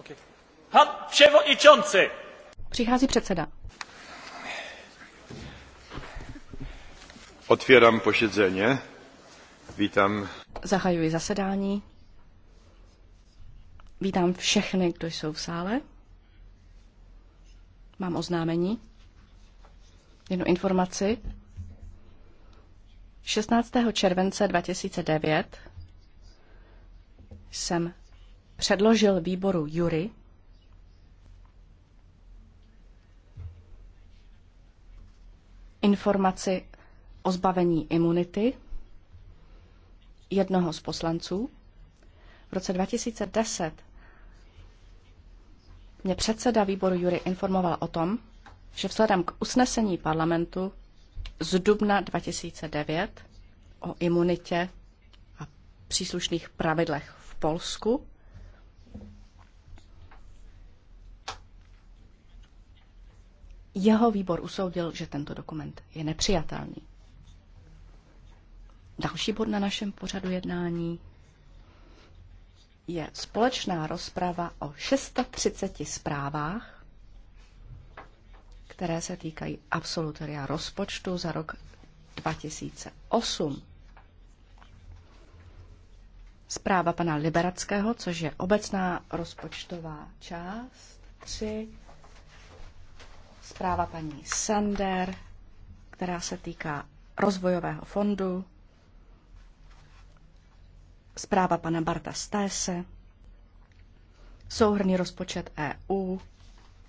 Okay. Přichází předseda. Otvírám pošedzeně. Vítám. Zahajuji zasedání. Vítám všechny, kdo jsou v sále. Mám oznámení. Jednu informaci. 16. července 2009 jsem předložil výboru Jury, informaci o zbavení imunity jednoho z poslanců. V roce 2010 mě předseda výboru Jury informoval o tom, že vzhledem k usnesení parlamentu z dubna 2009 o imunitě a příslušných pravidlech v Polsku jeho výbor usoudil, že tento dokument je nepřijatelný. Další bod na našem pořadu jednání je společná rozprava o 630 zprávách, které se týkají absolutoria rozpočtu za rok 2008. Zpráva pana Liberackého, což je obecná rozpočtová část 3 Zpráva paní Sander, která se týká rozvojového fondu. Zpráva pana Barta Stése. Souhrný rozpočet EU.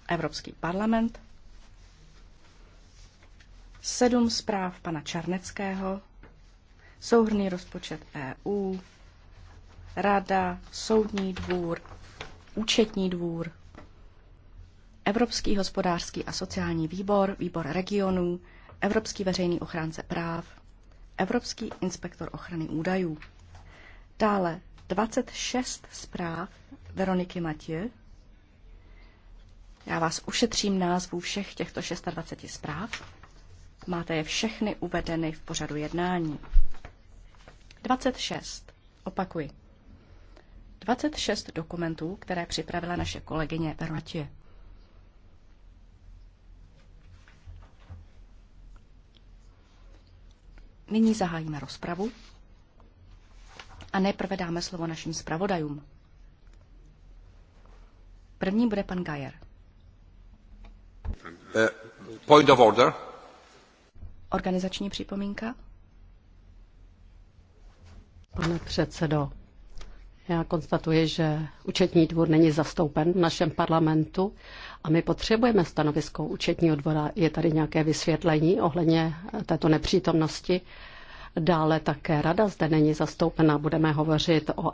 Evropský parlament. Sedm zpráv pana Čarneckého. Souhrný rozpočet EU. Rada, Soudní dvůr, Účetní dvůr, Evropský hospodářský a sociální výbor, výbor regionů, Evropský veřejný ochránce práv, Evropský inspektor ochrany údajů. Dále 26 zpráv Veroniky Matěj. Já vás ušetřím názvu všech těchto 26 zpráv. Máte je všechny uvedeny v pořadu jednání. 26. Opakuji. 26 dokumentů, které připravila naše kolegyně Veroniky. Nyní zahájíme rozpravu a nejprve dáme slovo našim zpravodajům. První bude pan Gajer. Uh, point of order. Organizační připomínka. Pane předsedo, já konstatuji, že účetní dvůr není zastoupen v našem parlamentu a my potřebujeme stanovisko účetního dvora. Je tady nějaké vysvětlení ohledně této nepřítomnosti. Dále také rada zde není zastoupena. Budeme hovořit o